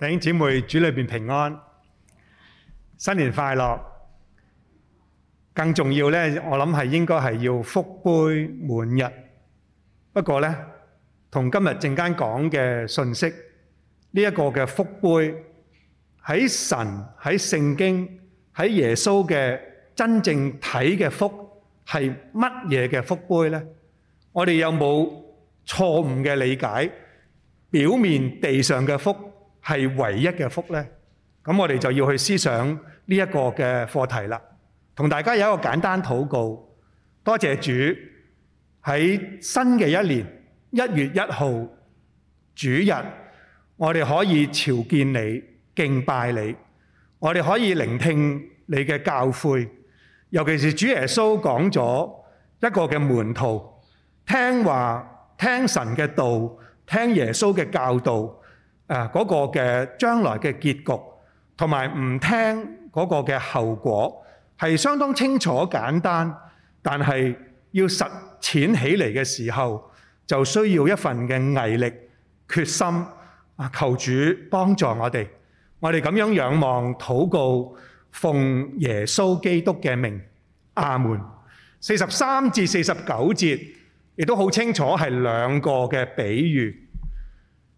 弟兄姊妹，主裏面平安，新年快樂。更重要呢，我諗係應該係要福杯滿溢。不過呢，同今日陣間講嘅信息，呢一個嘅福杯喺神喺聖經喺耶穌嘅真正睇嘅福係乜嘢嘅福杯呢？我哋有冇錯誤嘅理解？表面地上嘅福？係唯一嘅福呢，咁我哋就要去思想呢一個嘅課題啦。同大家有一個簡單禱告，多謝主喺新嘅一年一月一號主日，我哋可以朝見你敬拜你，我哋可以聆聽你嘅教誨，尤其是主耶穌講咗一個嘅門徒聽話聽神嘅道，聽耶穌嘅教導。誒，嗰個嘅將來嘅結局，同埋唔聽嗰個嘅後果，係相當清楚簡單。但係要實踐起嚟嘅時候，就需要一份嘅毅力、決心。啊，求主幫助我哋，我哋咁樣仰望、禱告、奉耶穌基督嘅名，阿門。四十三至四十九節，亦都好清楚係兩個嘅比喻。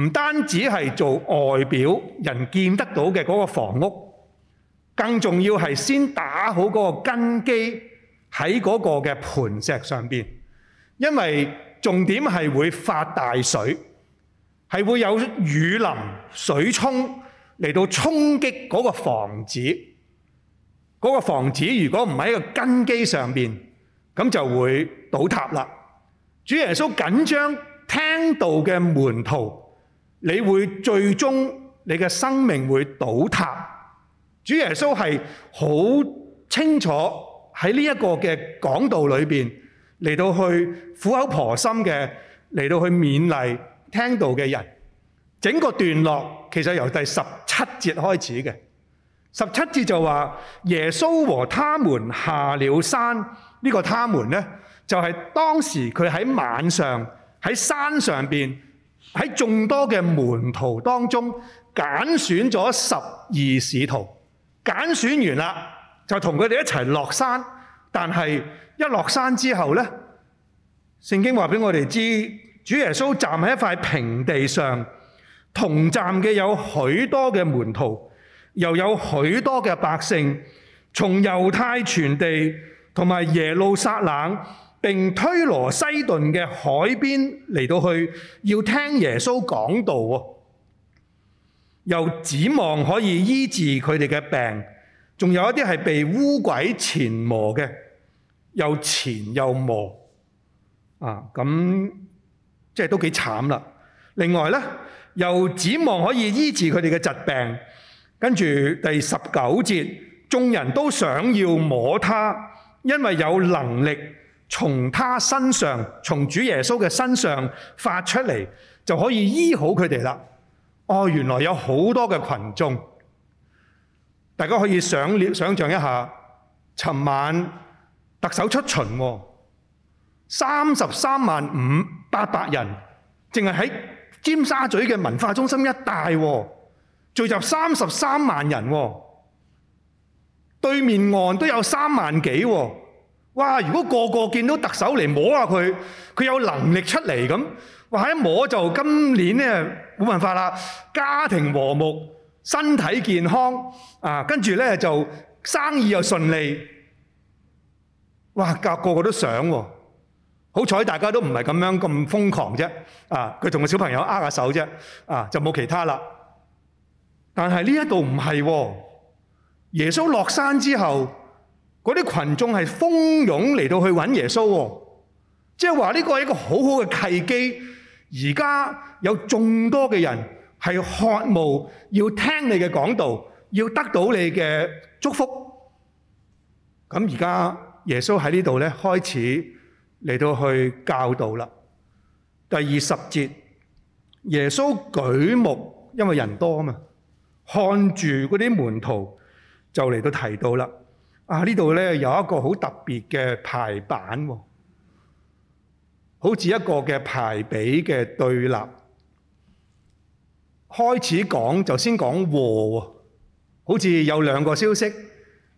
唔單止係做外表人見得到嘅嗰個房屋，更重要係先打好嗰個根基喺嗰個嘅盤石上面。因為重點係會發大水，係會有雨淋、水沖嚟到衝擊嗰個房子。嗰個房子如果唔喺個根基上面，咁就會倒塌啦。主耶穌緊張聽到嘅門徒。你會最終你嘅生命會倒塌。主耶穌係好清楚喺呢一個嘅講道裏面，嚟到去苦口婆心嘅嚟到去勉勵聽道嘅人。整個段落其實由第十七節開始嘅，十七節就話耶穌和他們下了山。呢個他們呢，就係當時佢喺晚上喺山上邊。喺眾多嘅門徒當中，揀選咗十二使徒。揀選完啦，就同佢哋一齊落山。但係一落山之後咧，聖經話俾我哋知，主耶穌站喺一塊平地上，同站嘅有許多嘅門徒，又有許多嘅百姓，從猶太全地同埋耶路撒冷，並推羅西頓嘅海邊嚟到去，要聽耶穌講道喎。又指望可以醫治佢哋嘅病，仲有一啲係被污鬼纏磨嘅，又纏又磨啊！咁即係都幾慘啦。另外咧，又指望可以醫治佢哋嘅疾病。跟住第十九節，眾人都想要摸他，因為有能力。從他身上，從主耶穌嘅身上發出嚟，就可以醫好佢哋喇。哦，原來有好多嘅群眾，大家可以想像一下，尋晚特首出巡，三十三萬五八百人，淨係喺尖沙咀嘅文化中心一帶聚集三十三萬人，對面岸都有三萬幾。哇！如果個個見到特首嚟摸下佢，佢有能力出嚟咁，哇！一摸就今年呢冇辦法啦。家庭和睦，身體健康啊，跟住呢就生意又順利。哇！個個都想喎，好彩大家都唔係咁樣咁瘋狂啫。啊，佢同個小朋友握下手啫，啊就冇其他啦。但係呢一度唔係，耶穌落山之後。嗰啲羣眾係蜂擁嚟到去揾耶穌，即係話呢個係一個好好嘅契機。而家有眾多嘅人係渴望要聽你嘅講道，要得到你嘅祝福。咁而家耶穌喺呢度咧，開始嚟到去教導啦。第二十節，耶穌舉目，因為人多啊嘛，看住嗰啲門徒就嚟到提到啦。啊！呢度咧有一個好特別嘅排版喎，好似一個嘅排比嘅對立。開始講就先講和喎，好似有兩個消息，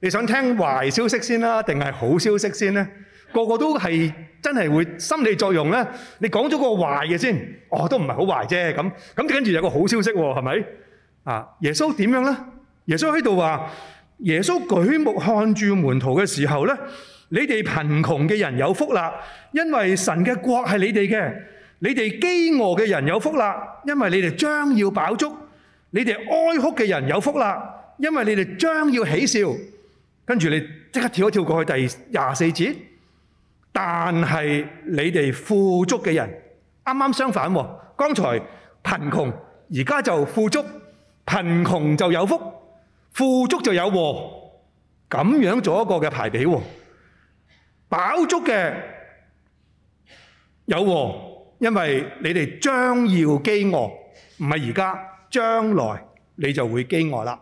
你想聽壞消息先啦、啊，定係好消息先呢？個個都係真係會心理作用咧。你講咗個壞嘅先，哦都唔係好壞啫咁。咁跟住有個好消息喎、啊，係咪？啊，耶穌點樣咧？耶穌喺度話。耶穌舉目看住門徒嘅時候呢，你哋貧窮嘅人有福啦，因為神嘅國係你哋嘅；你哋飢餓嘅人有福啦，因為你哋將要飽足；你哋哀哭嘅人有福啦，因為你哋將要喜笑。跟住你即刻跳一跳過去第二十四節，但是你哋富足嘅人，啱啱相反，剛才貧窮，而家就富足，貧窮就有福。富足就有禍，咁樣做一個嘅排比喎。飽足嘅有禍，因為你哋將要飢餓，唔係而家，將來你就會飢餓啦。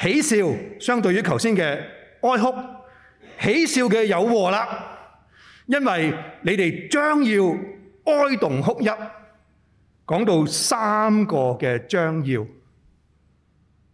喜笑相對於頭先嘅哀哭，喜笑嘅有禍啦，因為你哋將要哀慟哭泣。講到三個嘅將要。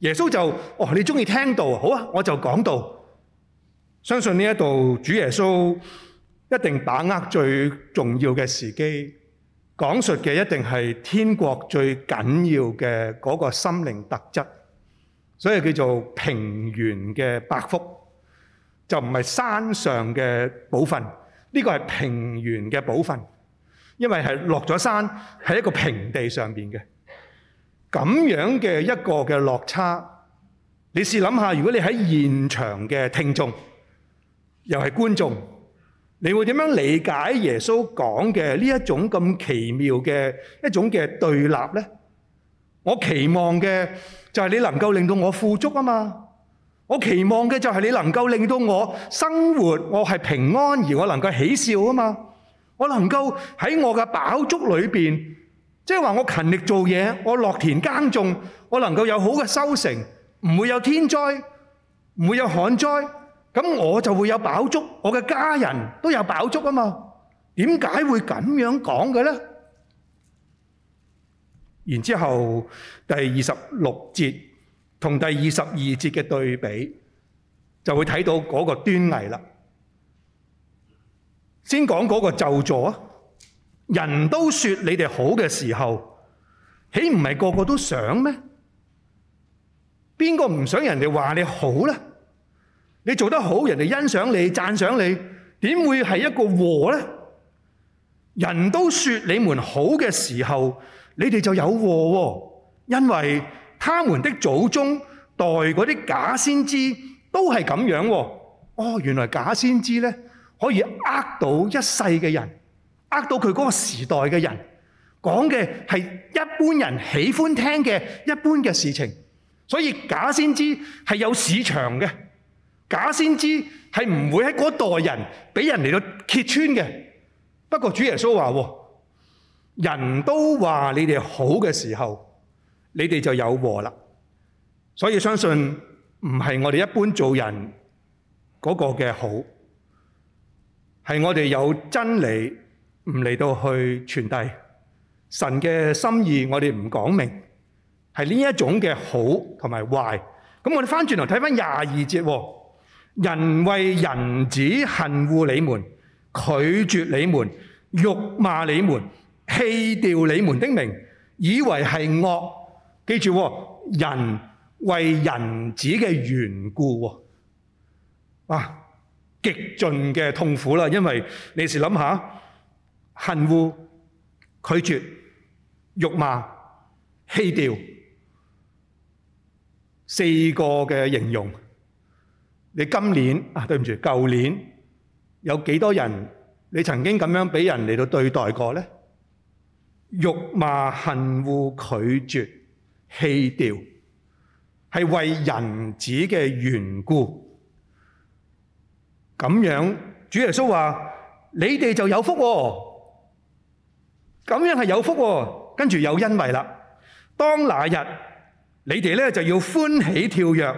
耶穌就哦，你中意聽道，好啊，我就講道。相信呢一度主耶穌一定把握最重要嘅時機，講述嘅一定係天國最緊要嘅嗰個心靈特質。所以叫做平原嘅百福，就唔係山上嘅寶訓。呢個係平原嘅寶訓，因為係落咗山，喺一個平地上邊嘅。咁樣嘅一個嘅落差，你試諗下，如果你喺現場嘅聽眾，又係觀眾，你會點樣理解耶穌講嘅呢一種咁奇妙嘅一種嘅對立呢？我期望嘅就係你能夠令到我富足啊嘛！我期望嘅就係你能夠令到我生活，我係平安而我能夠喜笑啊嘛！我能夠喺我嘅飽足裏邊。即係話我勤力做嘢，我落田耕種，我能夠有好嘅收成，唔會有天災，唔會有旱災，咁我就會有飽足，我嘅家人都有飽足啊嘛。點解會咁樣講嘅咧？然之後第二十六節同第二十二節嘅對比，就會睇到嗰個端倪啦。先講嗰個咒詛啊！人都說你哋好嘅時候，豈唔係個個都想咩？邊個唔想人哋話你好呢？你做得好，人哋欣賞你，讚賞你，點會係一個禍呢？人都說你們好嘅時候，你哋就有禍，哦，因為他們的祖宗代嗰啲假先知都係咁樣哦。哦，原來假先知呢，可以呃到一世嘅人。呃到佢嗰個時代嘅人講嘅係一般人喜歡聽嘅一般嘅事情，所以假先知係有市場嘅，假先知係唔會喺嗰代人俾人嚟到揭穿嘅。不過主耶穌話，人都話你哋好嘅時候，你哋就有禍啦。所以相信唔係我哋一般做人嗰個嘅好，係我哋有真理。唔嚟到去傳遞神嘅心意，我哋唔講明係呢一種嘅好同埋壞。咁我哋翻轉頭睇翻廿二節，人為人子恨惡你們，拒絕你們，辱罵你們，棄掉你們的名，以為係惡。記住，人為人子嘅緣故啊，極盡嘅痛苦啦，因為你試諗下。恨惡、拒絕、辱罵、棄掉，四個嘅形容。你今年啊，對唔住，舊年有幾多人你曾經咁樣俾人嚟到對待過呢？辱罵、恨惡、拒絕、棄掉，係為人子嘅緣故。咁樣，主耶穌話：你哋就有福。咁樣係有福，跟住有欣慰啦。當那日你哋咧就要歡喜跳躍。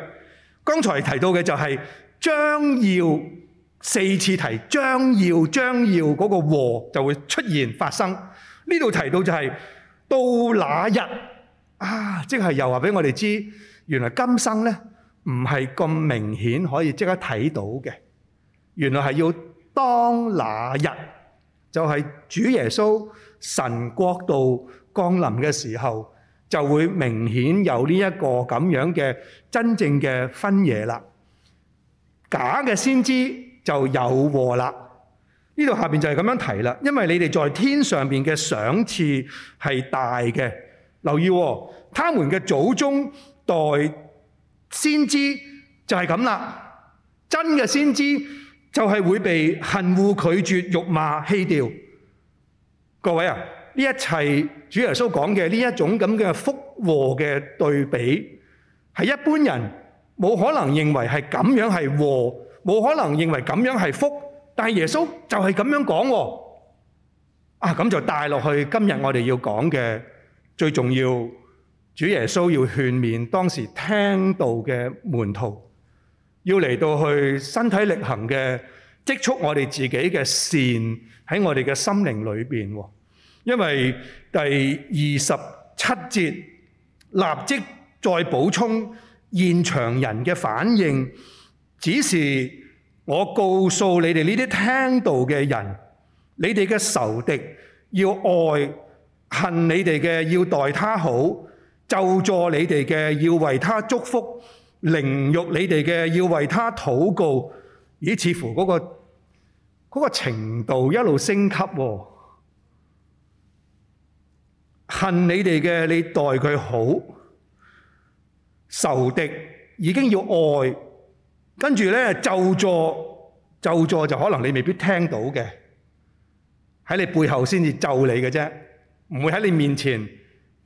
剛才提到嘅就係將要四次提，將要將要嗰個禍就會出現發生，呢度提到就係到那日啊，即係又話俾我哋知，原來今生咧唔係咁明顯可以即刻睇到嘅，原來係要當那日就係主耶穌。神國度降臨嘅時候，就會明顯有呢一個咁樣嘅真正嘅分野啦。假嘅先知就有禍啦。呢度下邊就係咁樣提啦，因為你哋在天上邊嘅賞賜係大嘅。留意、哦，他們嘅祖宗代先知就係咁啦。真嘅先知就係會被恨惡拒絕、辱罵棄掉。各位啊，呢一切主耶穌講嘅呢一種咁嘅福禍嘅對比，係一般人冇可能認為係咁樣係禍，冇可能認為咁樣係福，但係耶穌就係咁樣講喎。啊，咁就帶落去今日我哋要講嘅最重要，主耶穌要勸勉當時聽到嘅門徒，要嚟到去身體力行嘅。積蓄我哋自己嘅善喺我哋嘅心靈裏邊喎，因為第二十七節立即再補充現場人嘅反應，只是我告訴你哋呢啲聽道嘅人，你哋嘅仇敵要愛，恨你哋嘅要待他好，咒詛你哋嘅要為他祝福，凌辱你哋嘅要為他禱告。咦？似乎嗰、那個嗰、那個程度一路升級喎、啊，恨你哋嘅你待佢好，仇敵已經要愛，跟住咧咒詛咒詛就可能你未必聽到嘅，喺你背後先至咒你嘅啫，唔會喺你面前。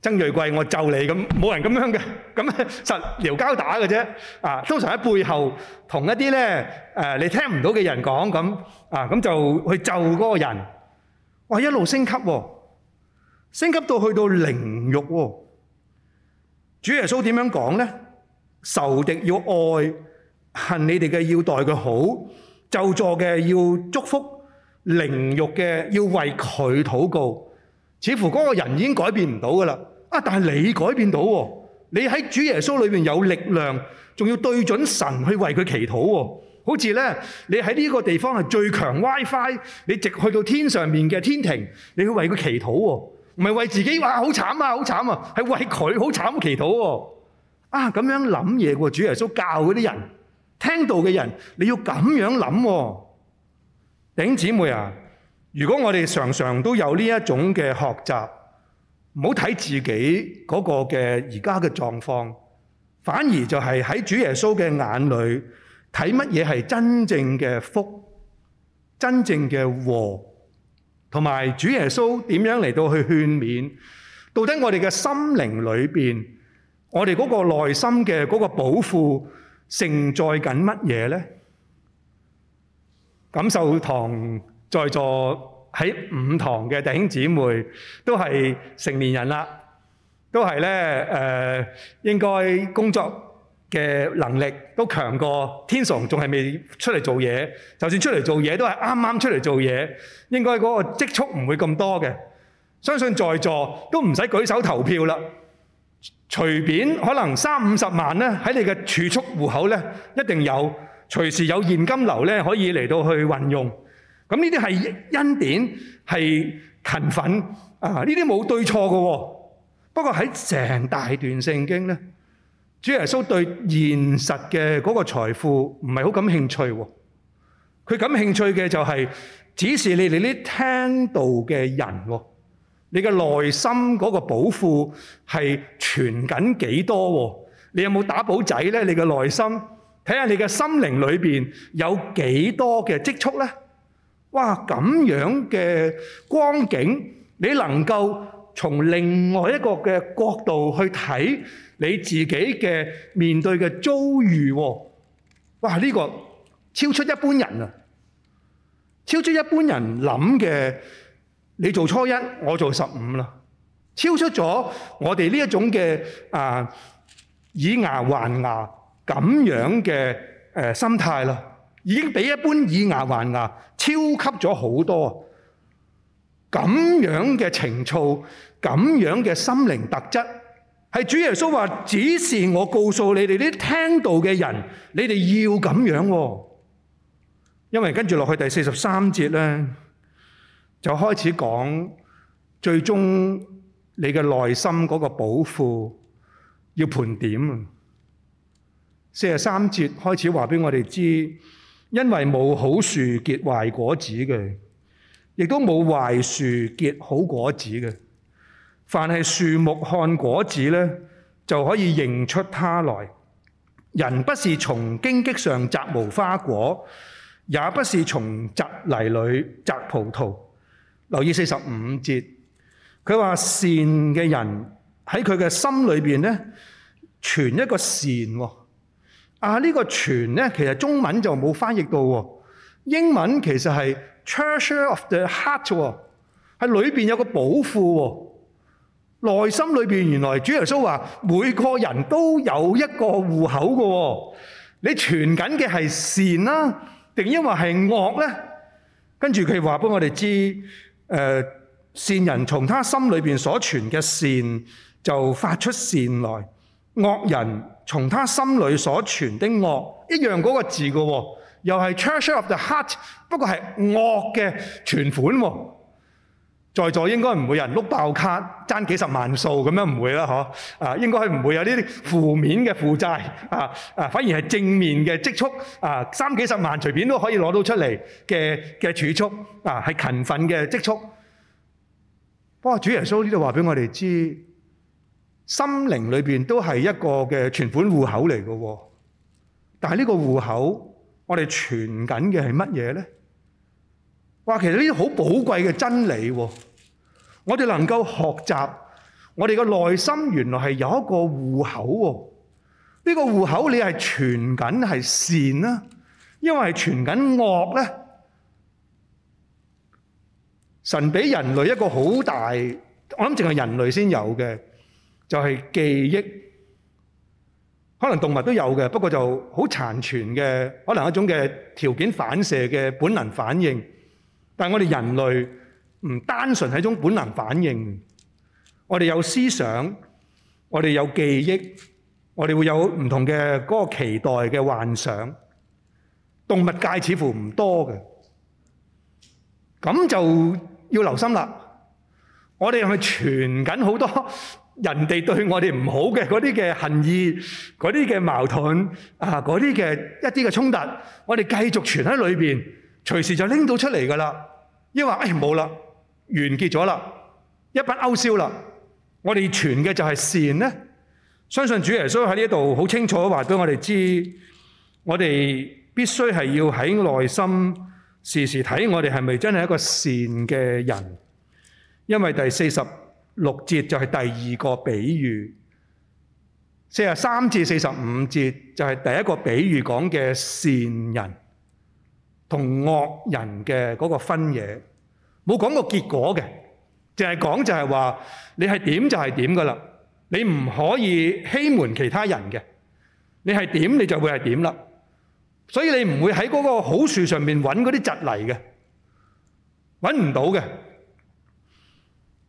曾裔貴，我咒你咁，冇人咁樣嘅，咁實聊交打嘅啫。啊，通常喺背後同一啲咧，誒你聽唔到嘅人講咁，啊咁就去咒嗰個人，我一路升級喎、啊，升級到去到凌辱喎、啊。主耶穌點樣講咧？仇敵要愛，恨你哋嘅要待佢好，咒詛嘅要祝福，凌辱嘅要為佢禱告。似乎嗰個人已經改變唔到噶啦。啊、但係你改變到喎，你喺主耶穌裏面有力量，仲要對準神去為佢祈禱喎。好似咧，你喺呢個地方係最強 WiFi，你直去到天上面嘅天庭，你去為佢祈禱喎。唔係為自己哇，好慘啊，好慘啊，係為佢好慘祈禱喎、啊。啊，咁樣諗嘢喎，主耶穌教嗰啲人，聽道嘅人，你要咁樣諗喎、啊。頂姊妹啊，如果我哋常常都有呢一種嘅學習。唔好睇自己嗰個嘅而家嘅狀況，反而就係喺主耶穌嘅眼裏睇乜嘢係真正嘅福、真正嘅和，同埋主耶穌點樣嚟到去勸勉？到底我哋嘅心靈裏面，我哋嗰個內心嘅嗰個寶庫盛載緊乜嘢咧？感受堂在座。喺五堂嘅弟兄姊妹都係成年人啦，都係咧誒，應該工作嘅能力都強過天崇，仲係未出嚟做嘢。就算出嚟做嘢，都係啱啱出嚟做嘢，應該嗰個積蓄唔會咁多嘅。相信在座都唔使舉手投票啦，隨便可能三五十萬咧喺你嘅儲蓄戶口咧一定有，隨時有現金流咧可以嚟到去運用。咁呢啲係恩典，係勤奮啊！呢啲冇對錯嘅喎。不過喺成大段聖經咧，主耶穌對現實嘅嗰個財富唔係好感興趣喎。佢感興趣嘅就係指示你哋呢聽道嘅人喎。你嘅內心嗰個寶庫係存緊幾多？你有冇打寶仔咧？你嘅內心睇下你嘅心靈裏邊有幾多嘅積蓄咧？哇！咁樣嘅光景，你能夠從另外一個嘅角度去睇你自己嘅面對嘅遭遇喎、啊？哇！呢個超出一般人啊，超出一般人諗嘅。你做初一，我做十五啦，超出咗我哋呢一種嘅啊以牙還牙咁樣嘅、呃、心態啦。已經比一般以牙還牙超級咗好多，咁樣嘅情操，咁樣嘅心靈特質，係主耶穌話指示我告訴你哋啲聽道嘅人，你哋要咁樣。因為跟住落去第四十三節咧，就開始講最終你嘅內心嗰個寶庫要盤點。四十三節開始話俾我哋知。因為冇好樹結壞果子嘅，亦都冇壞樹結好果子嘅。凡係樹木看果子咧，就可以認出他來。人不是從荊棘上摘無花果，也不是從蒺藜裏摘葡萄。留意四十五節，佢話善嘅人喺佢嘅心裏邊咧，存一個善喎。啊！呢個存咧，其實中文就冇翻譯到喎。英文其實係 treasure of the heart 喎，喺裏邊有個寶庫喎。內心裏邊原來主耶穌話每個人都有一個戶口噶喎。你存緊嘅係善啦，定因為係惡咧？跟住佢話俾我哋知，誒善人從他心裏邊所存嘅善就發出善來。惡人從他心裡所存的惡，一樣嗰個字喎，又係 treasure of the heart，不過係惡嘅存款喎。在座應該唔會有人碌爆卡，爭幾十萬數咁樣唔會啦，嗬？啊，應該唔會有呢啲負面嘅負債，反而係正面嘅積蓄、啊，三幾十萬隨便都可以攞到出嚟嘅嘅儲蓄，啊係勤奮嘅積蓄。不、哦、過主耶穌呢度話俾我哋知。心靈裏邊都係一個嘅存款戶口嚟嘅喎，但係呢個戶口，我們的是什麼呢的，我哋存緊嘅係乜嘢咧？話其實呢啲好寶貴嘅真理喎，我哋能夠學習，我哋嘅內心原來係有一個戶口喎，呢、這個戶口你係存緊係善吖，因為係存緊惡咧。神俾人類一個好大，我諗淨係人類先有嘅。就係記憶，可能動物都有嘅，不過就好殘存嘅，可能一種嘅條件反射嘅本能反應。但係我哋人類唔單純係一種本能反應，我哋有思想，我哋有記憶，我哋會有唔同嘅嗰個期待嘅幻想。動物界似乎唔多嘅，咁就要留心啦。我哋係咪存緊好多？人哋對我哋唔好嘅嗰啲嘅恨意、嗰啲嘅矛盾啊、嗰啲嘅一啲嘅衝突，我哋繼續存喺裏邊，隨時就拎到出嚟噶啦。因為唉冇啦，完結咗啦，一筆勾銷啦。我哋存嘅就係善呢。相信主耶穌喺呢度好清楚話俾我哋知，我哋必須係要喺內心時時睇我哋係咪真係一個善嘅人，因為第四十六節就係第二個比喻，四十三至四十五節就係第一個比喻講嘅善人同惡人嘅嗰個分野，冇講個結果嘅，淨係講就係、是、話你係點就係點㗎喇，你唔可以欺瞞其他人嘅，你係點你就會係點啦，所以你唔會喺嗰個好樹上面揾嗰啲蒺藜嘅，揾唔到嘅。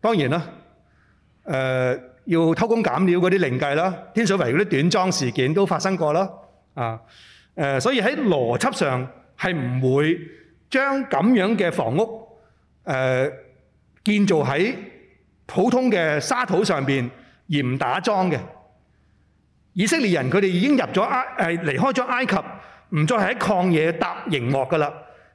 當然啦，誒要偷工減料嗰啲靈計啦，天水圍嗰啲短樁事件都發生過啦，啊，誒所以喺邏輯上係唔會將咁樣嘅房屋誒建造喺普通嘅沙土上邊而唔打樁嘅。以色列人佢哋已經入咗埃誒離開咗埃及，唔再係喺曠野搭營幕噶啦。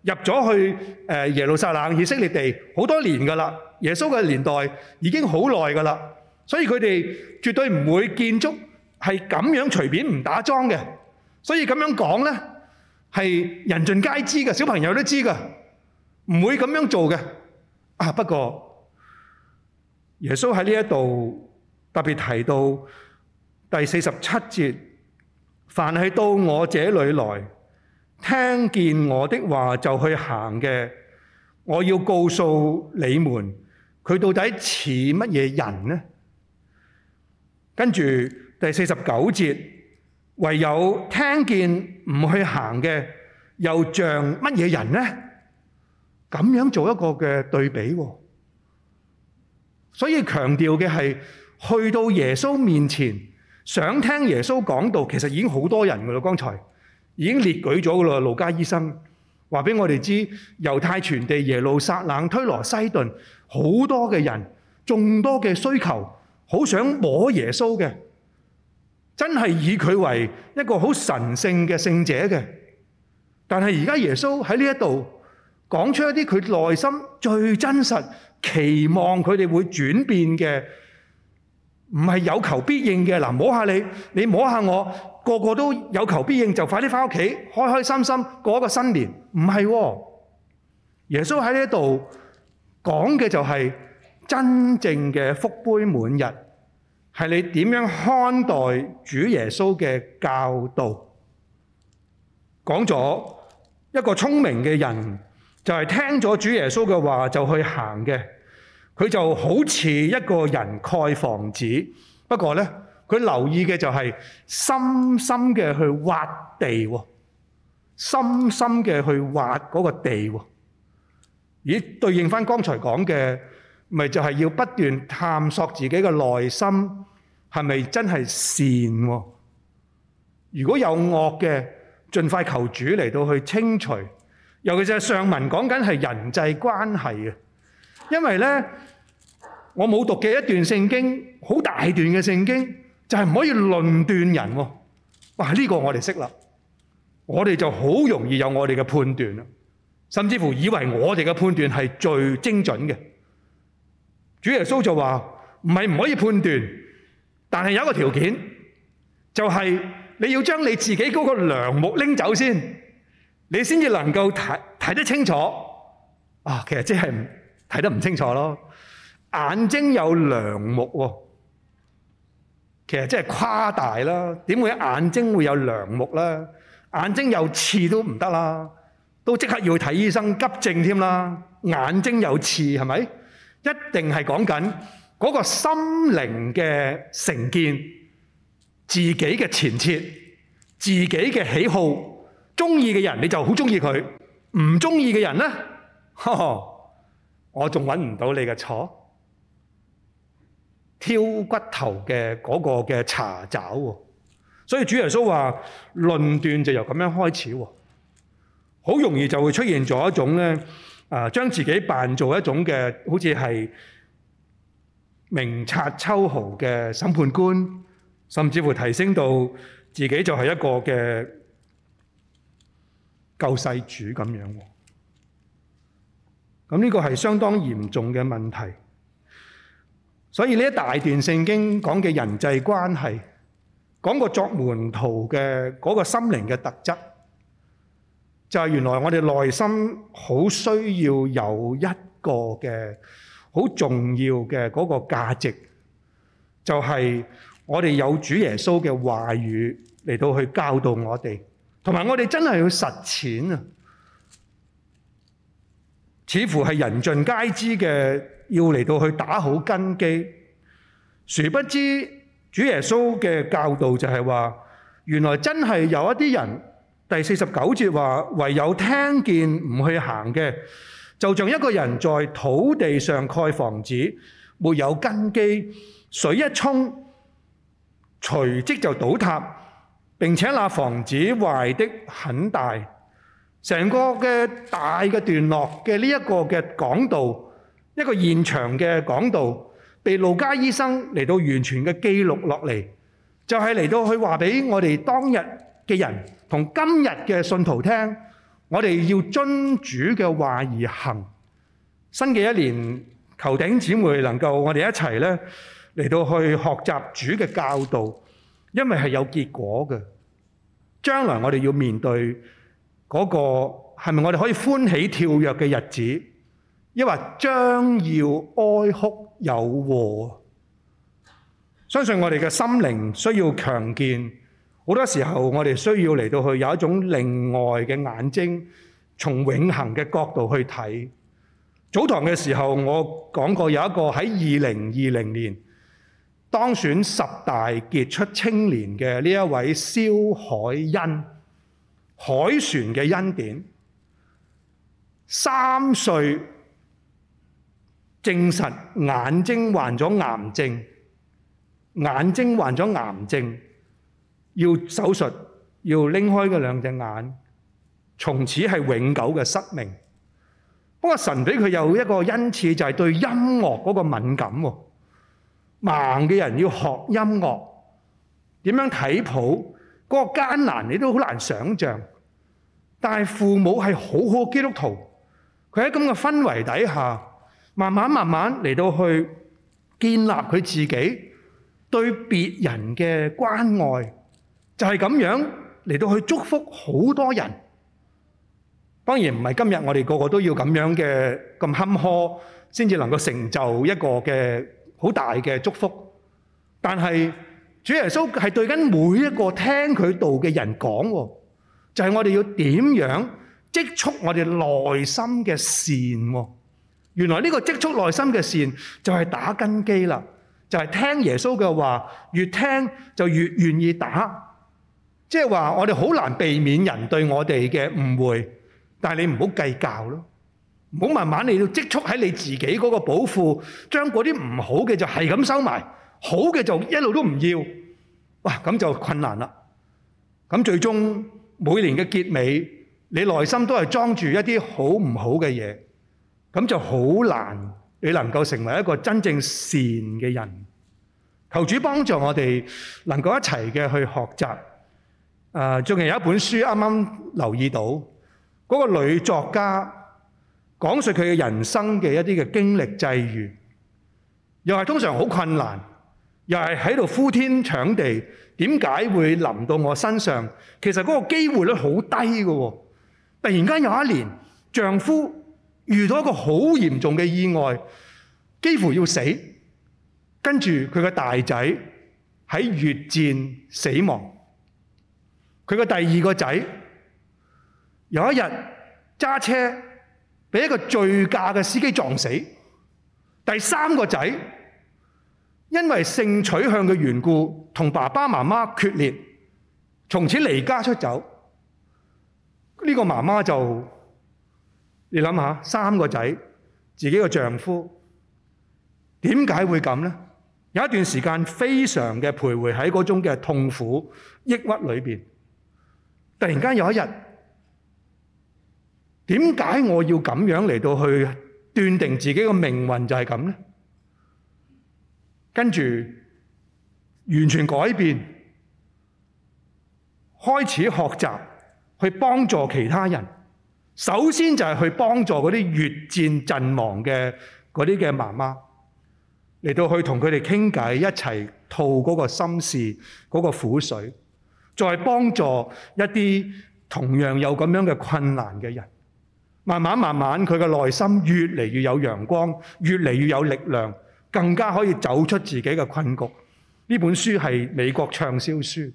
入咗去誒耶路撒冷以色列地好多年噶啦，耶穌嘅年代已經好耐噶啦，所以佢哋絕對唔會建築係咁樣隨便唔打樁嘅，所以咁樣講咧係人盡皆知嘅，小朋友都知噶，唔會咁樣做嘅。啊，不過耶穌喺呢一度特別提到第四十七節，凡係到我這裏來。聽見我的話就去行嘅，我要告訴你們，佢到底似乜嘢人呢？跟住第四十九節，唯有聽見唔去行嘅，又像乜嘢人呢？咁樣做一個嘅對比，所以強調嘅係，去到耶穌面前想聽耶穌講道，其實已經好多人㗎喇，剛才。已經列舉咗噶啦，路加醫生話俾我哋知，猶太全地耶路撒冷、推羅、西頓好多嘅人，眾多嘅需求，好想摸耶穌嘅，真係以佢為一個好神聖嘅聖者嘅。但係而家耶穌喺呢一度講出一啲佢內心最真實，期望佢哋會轉變嘅，唔係有求必應嘅。嗱，摸下你，你摸下我。個個都有求必應，就快啲翻屋企，開開心心過一個新年。唔係，耶穌喺呢度講嘅就係真正嘅福杯滿日，係你點樣看待主耶穌嘅教導。講咗一個聰明嘅人，就係聽咗主耶穌嘅話就去行嘅，佢就好似一個人蓋房子。不過呢。佢留意嘅就係深深嘅去挖地喎，深深嘅去挖嗰個地喎。咦？對應翻剛才講嘅，咪就係要不斷探索自己嘅內心，係咪真係善喎？如果有惡嘅，盡快求主嚟到去清除。尤其是上文講緊係人際關係啊，因為咧我冇讀嘅一段聖經，好大段嘅聖經。就係唔可以論斷人喎、啊，哇！呢、這個我哋識啦，我哋就好容易有我哋嘅判斷啦，甚至乎以為我哋嘅判斷係最精準嘅。主耶穌就話：唔係唔可以判斷，但係有一個條件，就係、是、你要將你自己嗰個梁木拎走先，你先至能夠睇睇得清楚。啊，其實即係睇得唔清楚咯，眼睛有梁木喎。其實真係誇大啦，點會眼睛會有樑木啦？眼睛有刺都唔得啦，都即刻要去睇醫生急症添啦。眼睛有刺係咪？一定係講緊嗰個心靈嘅成見、自己嘅前設、自己嘅喜好、中意嘅人，你就好中意佢；唔中意嘅人呢？呵呵，我仲揾唔到你嘅錯。挑骨頭嘅嗰個嘅查找喎，所以主耶穌話論斷就由咁樣開始喎，好容易就會出現咗一種咧，啊將自己扮做一種嘅好似係明察秋毫嘅審判官，甚至乎提升到自己就係一個嘅救世主咁樣喎，咁呢個係相當嚴重嘅問題。所以呢一大段聖經講嘅人際關係，講個作門徒嘅嗰個心靈嘅特質，就係原來我哋內心好需要有一個嘅好重要嘅嗰個價值，就係我哋有主耶穌嘅話語嚟到去教導我哋，同埋我哋真係要實踐啊！似乎係人盡皆知嘅。要嚟到去打好根基，殊不知主耶穌嘅教導就係話，原來真係有一啲人。第四十九節話，唯有聽見唔去行嘅，就像一個人在土地上蓋房子，沒有根基，水一沖，隨即就倒塌。並且那房子壞的很大，成個嘅大嘅段落嘅呢一個嘅講道。一個現場嘅講道被路加醫生嚟到完全嘅記錄落嚟，就係嚟到去話俾我哋當日嘅人同今日嘅信徒聽，我哋要遵主嘅話而行。新嘅一年求頂，姊妹能夠我哋一齊咧嚟到去學習主嘅教導。因為係有結果嘅，將來我哋要面對嗰個係咪我哋可以歡喜跳躍嘅日子？亦或將要哀哭有禍。相信我哋嘅心靈需要強健。好多時候，我哋需要嚟到去有一種另外嘅眼睛，從永恆嘅角度去睇。早堂嘅時候，我講過有一個喺二零二零年當選十大傑出青年嘅呢一位蕭海欣，海船嘅恩典，三歲。證實眼睛患咗癌症，眼睛患咗癌症，要手術，要拎開嗰兩隻眼，從此係永久嘅失明。不過神俾佢有一個恩賜，就係、是、對音樂嗰個敏感。盲嘅人要學音樂，點樣睇譜，嗰、那個艱難你都好難想象。但係父母係好好基督徒，佢喺咁嘅氛圍底下。慢慢慢慢嚟到去建立佢自己對別人嘅關愛，就係咁樣嚟到去祝福好多人。當然唔係今日我哋個個都要咁樣嘅咁坎坷，先至能夠成就一個嘅好大嘅祝福。但係主耶穌係對緊每一個聽佢道嘅人講，就係我哋要點樣積蓄我哋內心嘅善喎。原來呢個積蓄內心嘅善就係打根基啦，就係聽耶穌嘅話，越聽就越願意打。即係話我哋好難避免人對我哋嘅誤會，但係你唔好計較咯，唔好慢慢你要積蓄喺你自己嗰個寶庫，將嗰啲唔好嘅就係咁收埋，好嘅就一路都唔要。哇，咁就困難啦。咁最終每年嘅結尾，你內心都係裝住一啲好唔好嘅嘢。咁就好難，你能夠成為一個真正善嘅人。求主幫助我哋能夠一齊嘅去學習。呃，最近有一本書啱啱留意到，嗰、那個女作家講述佢嘅人生嘅一啲嘅經歷際遇，又係通常好困難，又係喺度呼天搶地，點解會臨到我身上？其實嗰個機會率好低㗎喎、哦。突然間有一年，丈夫。遇到一個好嚴重嘅意外，幾乎要死。跟住佢嘅大仔喺越戰死亡。佢嘅第二個仔有一日揸車被一個醉駕嘅司機撞死。第三個仔因為性取向嘅緣故同爸爸媽媽決裂，從此離家出走。呢個媽媽就你諗下，三個仔，自己個丈夫，點解會咁咧？有一段時間非常嘅徘徊喺嗰種嘅痛苦、抑鬱裏面。突然間有一日，點解我要咁樣嚟到去斷定自己嘅命運就係咁咧？跟住完全改變，開始學習去幫助其他人。首先就係去幫助嗰啲越戰陣亡嘅嗰啲嘅媽媽，嚟到去同佢哋傾偈，一齊吐嗰個心事、嗰個苦水，再幫助一啲同樣有咁樣嘅困難嘅人，慢慢慢慢佢嘅內心越嚟越有陽光，越嚟越有力量，更加可以走出自己嘅困局。呢本書係美國暢銷書，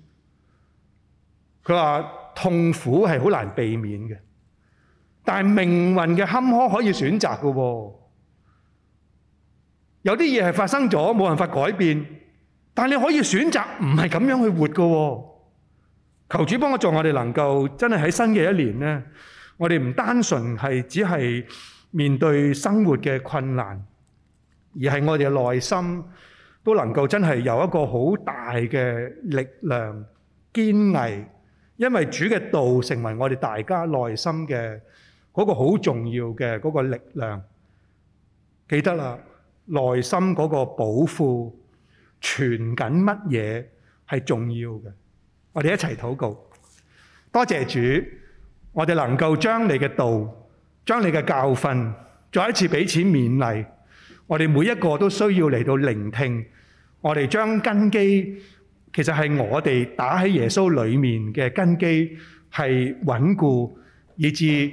佢話痛苦係好難避免嘅。但係命運嘅坎坷可以選擇嘅喎，有啲嘢係發生咗冇辦法改變，但係你可以選擇唔係咁樣去活嘅喎。求主幫我做我哋能夠真係喺新嘅一年咧，我哋唔單純係只係面對生活嘅困難，而係我哋嘅內心都能夠真係有一個好大嘅力量堅毅，因為主嘅道成為我哋大家內心嘅。嗰個好重要嘅嗰個力量，記得啦，內心嗰個寶庫存緊乜嘢係重要嘅？我哋一齊禱告，多謝主，我哋能夠將你嘅道、將你嘅教訓再一次俾錢勉勵，我哋每一個都需要嚟到聆聽，我哋將根基其實係我哋打喺耶穌裡面嘅根基係穩固，以致。